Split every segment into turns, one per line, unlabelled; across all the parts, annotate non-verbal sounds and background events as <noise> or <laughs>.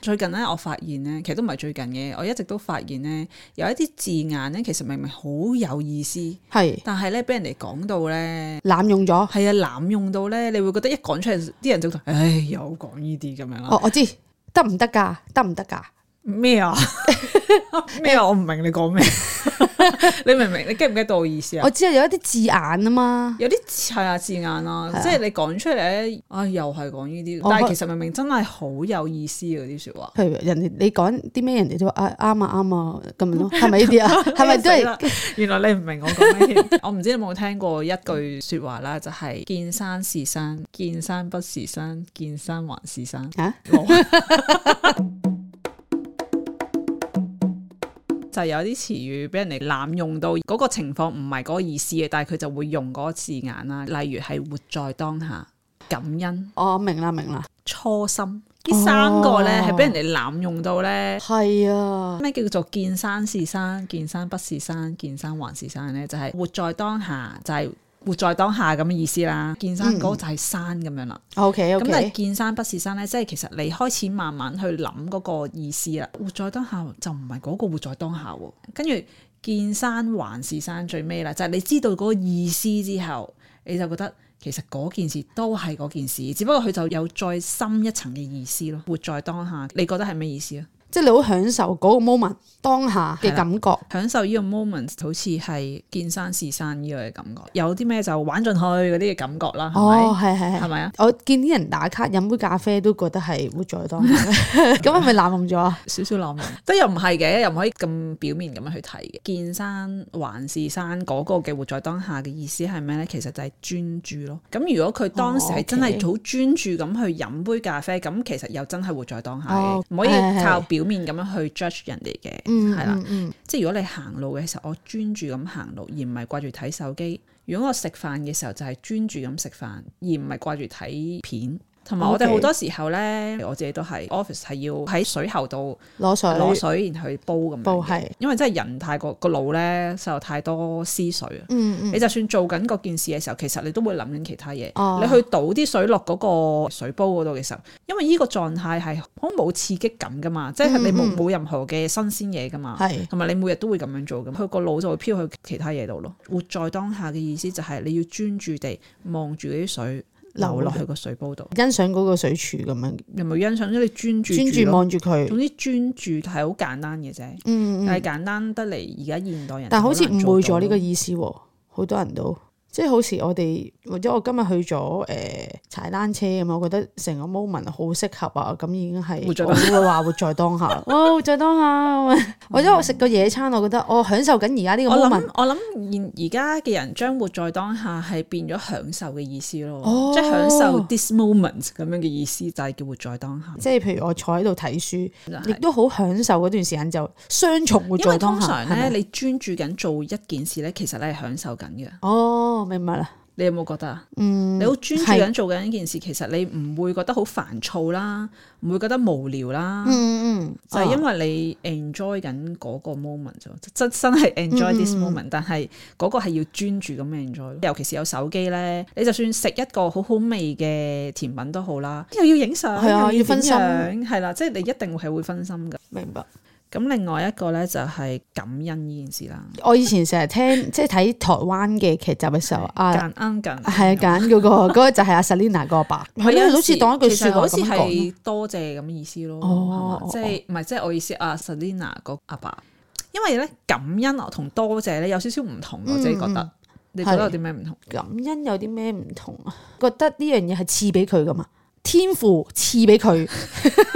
最近咧，我發現咧，其實都唔係最近嘅，我一直都發現咧，有一啲字眼咧，其實明明好有意思，係，但係咧，俾人哋講到咧，濫用咗，係啊，濫用到咧，你會覺得一講出嚟，啲人就覺得，唉，又講呢啲咁樣啦。哦，我知，得唔得噶？得唔得噶？咩啊？咩 <laughs> 啊？我唔明你講咩？ <laughs> 你明唔明？你記唔記得到我意思我啊？我只啊，有一啲字眼啊嘛，有啲係啊字眼啦，即係你講出嚟咧，啊又係講呢啲，哦、但係其實明明真係好有意思嗰啲說話，譬
你 package: 如人哋你講啲咩，人哋都話啊啱啊啱啊咁樣咯，係咪呢啲啊？係咪、啊啊、 <laughs> 都係？
原來你唔明我講咩？我唔知你有冇聽過一句說話啦，就係、是、見山是山，見山不是山，見山還是山。啊 <laughs> 什麼？ <laughs> <laughs> 就有啲詞語俾人哋濫用到嗰個情況唔係嗰意思嘅，但係佢就會用嗰個字眼啦。例如係活在當下、感恩。哦，明啦明啦，初心。呢三個呢，係俾人哋濫用到呢？係啊咩叫做見山是山，見山不是山，見山還是山呢？就係活在當下，就係。活在當下咁嘅意思啦，見山嗰就係山咁樣啦。
OK OK。咁但係
見山不是山咧，即係其實你開始慢慢去諗嗰個意思啦。活在當下就唔係嗰個活在當下喎。跟住見山還是山最尾啦，就係你知道嗰個意思之後，你就覺得其實嗰件事都係嗰件事，只不過佢就有再深一層嘅意思咯。活在當下，你覺得係咩意思啊？
即係你好享受嗰個 moment 當下嘅感
覺，享受呢個 moment 好似係見山是山呢個嘅感覺，有啲咩就玩進去嗰啲嘅感覺啦。哦，係係係，係咪啊？是是我見啲人打卡飲杯咖啡都覺得係活在當下，咁係咪濫用咗？ <laughs> 少少濫用，都 <laughs> 又唔係嘅，又唔可以咁表面咁樣去睇嘅。見山還是山嗰個嘅活在當下嘅意思係咩咧？其實就係專注咯。咁如果佢當時係真係好專注咁去飲杯咖啡，咁、哦 okay. 其實又真係活在當下嘅，唔、哦 okay. 可以靠表表面咁樣去 judge 人哋嘅，係啦、嗯嗯嗯，即係如果你行路嘅時候，我專注咁行路，而唔係掛住睇手機；如果我食飯嘅時候，就係、是、專注咁食飯，而唔係掛住睇片。
同埋我哋好多時
候咧，Okay. 我自己都係 office 係要喺水喉度
攞水攞水，水
然後去煲咁。煲係，因為真係人太過個腦咧，受太多思水啊。嗯嗯、你就算做緊嗰件事嘅時候，其實你都會諗緊其他嘢。哦、你去倒啲水落嗰個水煲嗰度嘅時候，因為呢個狀態係好冇刺激感噶嘛，即係你冇任何嘅新鮮嘢噶嘛。同埋、嗯嗯、你每日都會咁樣做嘅，佢個腦就會飄去其他嘢度咯。活在當下嘅意思就係你要專注地望住啲水。流落去個水煲度，
欣賞嗰個水柱咁樣，
有冇欣賞？即係你專注，專注望住佢。總之專注係好簡單嘅啫，嗯嗯但係簡單得嚟，而家現代人但係好似誤會咗呢個意
思喎，好多人都。即係好似我哋或者我今日去咗誒、呃、踩單車咁我覺得成個 moment 好適合啊，咁已經係會話活在當下。哦， <laughs> 活在當下。嗯、或者我食個野餐，我覺得我、哦、享受緊而家呢個 moment。
我諗而家嘅人將活在當下係變咗享受嘅意思咯，即係、哦、享受 this moment 咁樣嘅意思，就係、是、叫活在當下。哦、
即係譬如我坐喺度睇書，亦都好享受嗰段時間，就雙重活在當下。因為通常咧嗎你
專注緊做一件事咧，其實你係享受緊嘅。哦。明白啦，你有冇覺得啊？嗯，
你好專注咁做
緊一件事，是其實你唔會覺得好煩躁啦，唔會覺得無聊啦，嗯？嗯嗯，就係因為你 enjoy 緊嗰個 moment 啫，嗯、真真係 enjoy this moment。嗯、但係嗰個係要專注咁 enjoy，尤其是有手機咧，你就算食一個好好味嘅甜品都好啦，又要影，啊、相，係啊，要分享，係啦，即係你一定係會分心噶。明白。咁另外一個咧就係感恩呢件事啦。
我以前成日聽即係睇台灣嘅劇集嘅時候，啊，係啊，揀嗰個嗰個就係阿 Selina 個阿爸，係啊，好似當一句説話好似係
多謝咁嘅意思咯，哦，即係唔係即係我意思阿 Selina 個阿爸，因為咧感恩同多謝咧有少少唔同，我自己覺得，你覺得有啲咩唔同？感恩有啲咩唔同啊？
覺得呢樣嘢係賜俾佢噶
嘛？天賦賜俾佢，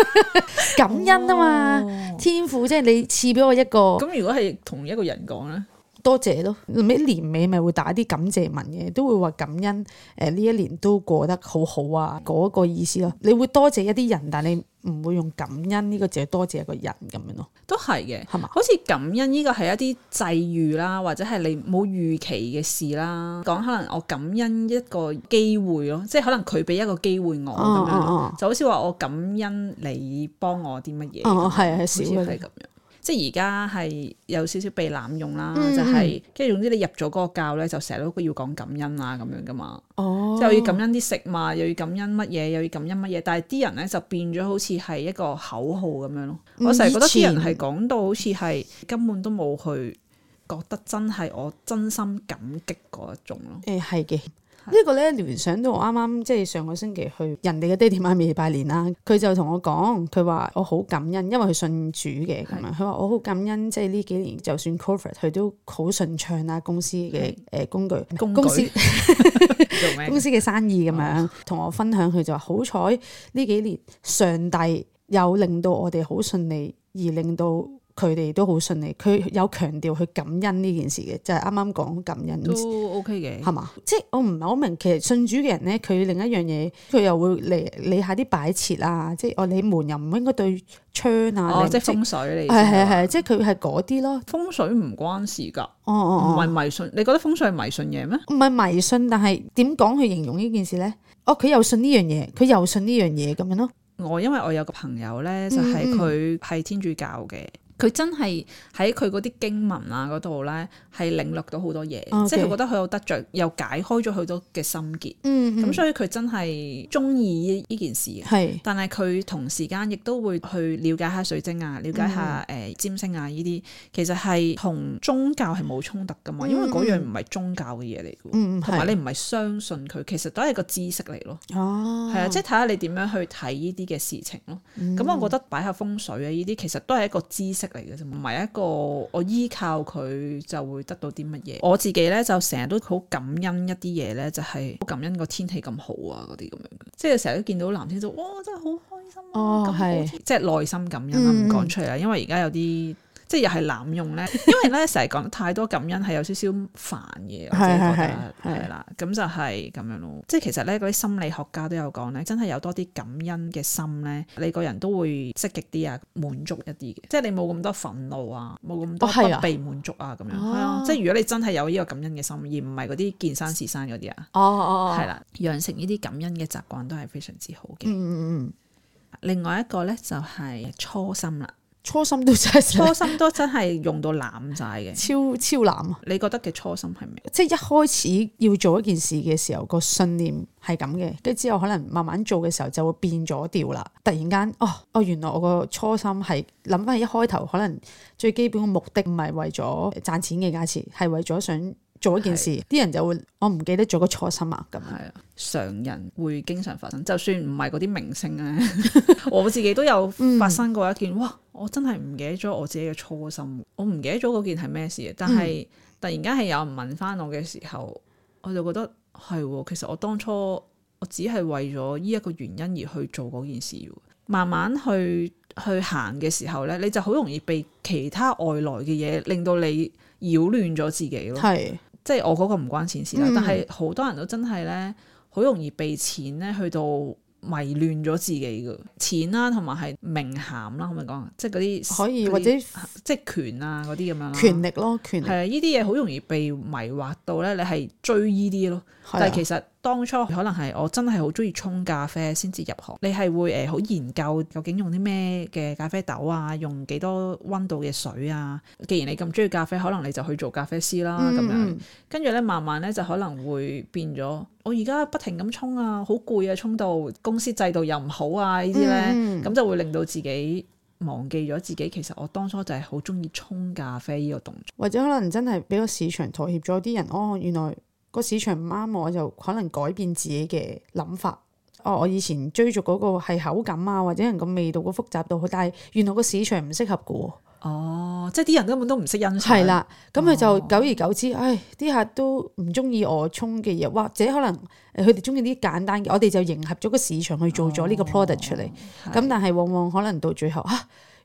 <laughs> 感恩啊嘛！哦、天賦即係你賜俾我一個。咁
如果係同一個人講咧？
多謝咯，咁年尾咪會打啲感謝文嘅，都會話感恩，誒呢、呃、一年都過得好好啊，嗰、那個意思咯。你會多謝一啲人，但係你唔會用感恩呢個字多謝一個人咁樣咯。
都係嘅，係嘛嗎？好似感恩呢個係一啲際遇啦，或者係你冇預期嘅事啦。講，可能我感恩一個機會咯，即係可能佢俾一個機會我咁樣，嗯、就好似話我感恩你幫我啲乜嘢。哦、嗯，係啊，係少咗。係咁樣。即係而家係有少少被濫用啦，嗯、就係跟住總之你入咗嗰個教咧，就成日都要講感恩啊咁樣噶嘛。哦，即係又要感恩啲食物，又要感恩乜嘢，又要感恩乜嘢。但係啲人咧就變咗好似係一個口號咁樣咯。嗯、我成日覺得啲人係講到好似係根本都冇去覺得真係我真心感激嗰一種咯。誒、嗯，係嘅。個呢個咧聯想到我啱啱即係上個星期去
人哋嘅爹哋媽咪拜年啦，佢就同我講，佢話我好感恩，因為佢信主嘅，佢話的我好感恩，即係呢幾年就算 corporate 佢都好順暢啦，公司嘅誒工具，的工具公司 <laughs> 麼公司嘅生意咁 <laughs> 樣，同、哦、我分享，佢就話好彩呢幾年上帝有令到我哋好順利，而令到。佢哋都好信利，佢有強調去感恩呢件事嘅，就係啱啱講感恩都
OK 嘅，係嘛？
即係我唔係好明，其實信主嘅人咧，佢另一樣嘢，佢又會理理下啲擺設啊，即係哦，理你門又唔應該對窗啊，即係風
水嚟，係係係，即係佢係嗰啲咯，風水唔關事噶，哦哦，唔係迷信，哦、你覺得風水係迷信嘢咩？
唔係迷信，但係點講去形容呢件事咧？哦，佢又信呢樣嘢，佢又信呢樣嘢咁樣咯。
我因為我有個朋友咧，就係佢係天主教嘅。嗯嗯嗯佢真係喺佢嗰啲經文啊嗰度咧，係領略到好多嘢，Okay. 即係佢覺得佢有得着，又解開咗好多嘅心結。嗯、
mm，咁、hmm. 所以
佢真係中意呢件事。係是，但係佢同時間亦都會去了解下水晶啊，了解下誒占、mm hmm. 呃、星啊呢啲，其實係同宗教係冇衝突噶嘛，因為嗰樣唔係宗教嘅嘢嚟嘅。嗯，同埋你唔係相信佢，其實都係一個知識嚟咯。
哦，係啊，即係
睇下你點樣去睇呢啲嘅事情咯。咁、mm hmm. 嗯、我覺得擺下風水啊呢啲，其實都係一個知識。嚟嘅啫，唔係一個我依靠佢就會得到啲乜嘢。我自己咧就成日都好感恩一啲嘢咧，就係好感恩個天氣咁好啊，嗰啲咁樣嘅。即係成日都見到藍天，就哇真係好開心啊。哦，係，即係內心感恩啊，唔講出嚟啦。嗯，因為而家有啲。即係又係濫用咧，因為咧成日講太多感恩係有少少煩嘢。 <laughs> 我自己覺得係啦。咁就係咁樣咯。即係 <laughs> 其實咧，嗰啲心理學家都有講咧，真係有多啲感恩嘅心咧，你個人都會積極啲啊，滿足一啲嘅。嗯、即係你冇咁多憤怒啊，冇咁多被滿足啊咁樣。哦，即係、哦、如果你真係有呢個感恩嘅心，而唔係嗰啲見山是山嗰啲啊。哦哦哦。係啦，養成呢啲感恩嘅習慣都係非常之好嘅。另外一個咧就係初心啦。初心都真，初心都真係用到爛晒嘅，超超爛啊！你覺得嘅初心係咩？即
係一開始要做一件事嘅時候，個信念係咁嘅，跟住之後可能慢慢做嘅時候就會變咗調啦。突然間，哦哦，原來我個初心係諗翻一開頭，可能最基本嘅目的唔係為咗賺錢嘅價錢，係為咗想。做一件
事，啲的人就會我唔記得做個初心啊咁。係啊，常人會經常發生，就算唔係嗰啲明星咧， <laughs> <laughs> 我自己都有發生過一件。嗯、哇，我真係唔記得咗我自己嘅初心，我唔記得咗嗰件係咩事。但係突然間係有人問翻我嘅時候，我就覺得係，嗯、其實我當初我只係為咗呢一個原因而去做嗰件事。慢慢去去行嘅時候呢，你就好容易被其他外來嘅嘢令到你擾亂咗自己咯。即係我嗰個唔關錢事啦，嗯、但係好多人都真係咧，好容易被錢咧去到迷亂咗自己噶錢啦、啊，同埋係名銜啦、啊，可唔可以講？嗰啲或者即係嗰啲即係權啊嗰啲咁樣啦，權力咯，權力係啊呢啲嘢好容易被迷惑到咧，你係追呢啲咯，但係係其實。當初可能係我真係好中意沖咖啡先至入行，你係會誒好、呃、研究究竟用啲咩嘅咖啡豆啊，用幾多溫度嘅水啊。既然你咁中意咖啡，可能你就去做咖啡師啦咁、嗯、樣。跟住咧，慢慢咧就可能會變咗。我而家不停咁沖啊，好攰啊，沖到公司制度又唔好啊呢啲咧，咁、嗯、就會令到自己忘記咗自己。其實我當初就係好中意沖咖啡呢個動作，
或者可能真係俾個市場妥協咗啲人哦，原來。個市場唔啱，我就可能改變自己嘅諗法。哦，我以前追逐嗰個係口感啊，或者人個味道嗰複雜度好，但係原來個市場唔適合嘅。哦，即係啲人根本都唔識欣賞。係啦了，咁佢、哦、就久而久之，唉、哎，啲客都唔中意我沖嘅嘢，或者可能佢哋中意啲簡單嘅。我哋就迎合咗個市場去做咗呢個 product 出嚟。咁、哦 okay。但係往往可能到最後，啊，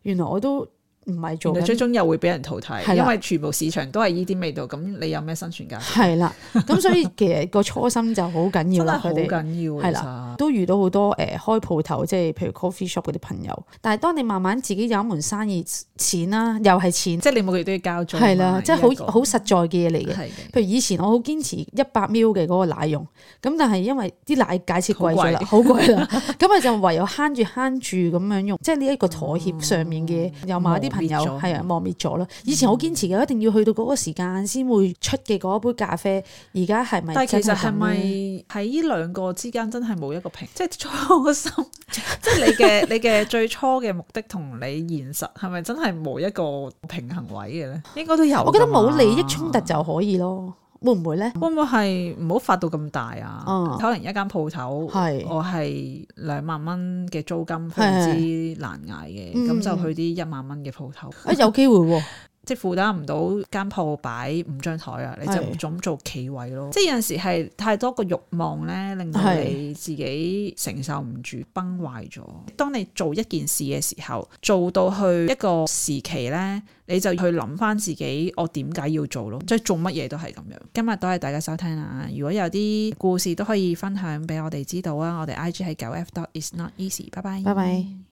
原來我都。
唔係做，最終又會俾人淘汰，因為全部市場都係呢啲味道，咁你有咩生存價值？係
啦，咁所以其實個初心就好緊要啦，好緊要。係啦，都遇到好多誒開鋪頭，即係譬如 coffee shop 嗰啲朋友。但係當你慢慢自己有一門生意，錢啦又係錢，即係你每個月都要交租，係啦，即係好好實在嘅嘢嚟嘅。譬如以前我好堅持一百 ml 嘅嗰個奶用，咁但係因為啲奶解設貴咗啦，好貴啦，咁咪就唯有慳住慳住咁樣用，即係呢一個妥協上面嘅，又買啲。有係啊，磨滅咗咯！以前好堅持嘅，一定要去到嗰個時間先會出嘅嗰一杯咖啡，而家係
咪？但係其實係咪喺呢兩個之間真係冇一個平？即係初心，即係你嘅你嘅最初嘅目的同你現實係咪真係冇一個平衡位嘅咧？應該都有。我覺得冇利益衝突
就可以咯。會唔會
咧？會唔會係唔好發到咁大啊？可能、嗯、一間鋪頭，是我係兩萬蚊嘅租金，非常之難捱嘅，咁、嗯、就去啲一萬蚊嘅鋪頭。啊、哎，有機會喎、啊！ <laughs> 即係負擔唔到間鋪擺五張台啊！你就唔準做企位咯。的即係有陣時係太多個慾望咧，令到你自己承受唔住崩壞咗。當你做一件事嘅時候，做到去一個時期咧，你就去諗翻自己我點解要做咯？即係做乜嘢都係咁樣。今日多謝大家收聽啦。如果有啲故事都可以分享俾我哋知道啊！我哋 I G 喺九 F dot is not easy。拜。拜拜。拜拜。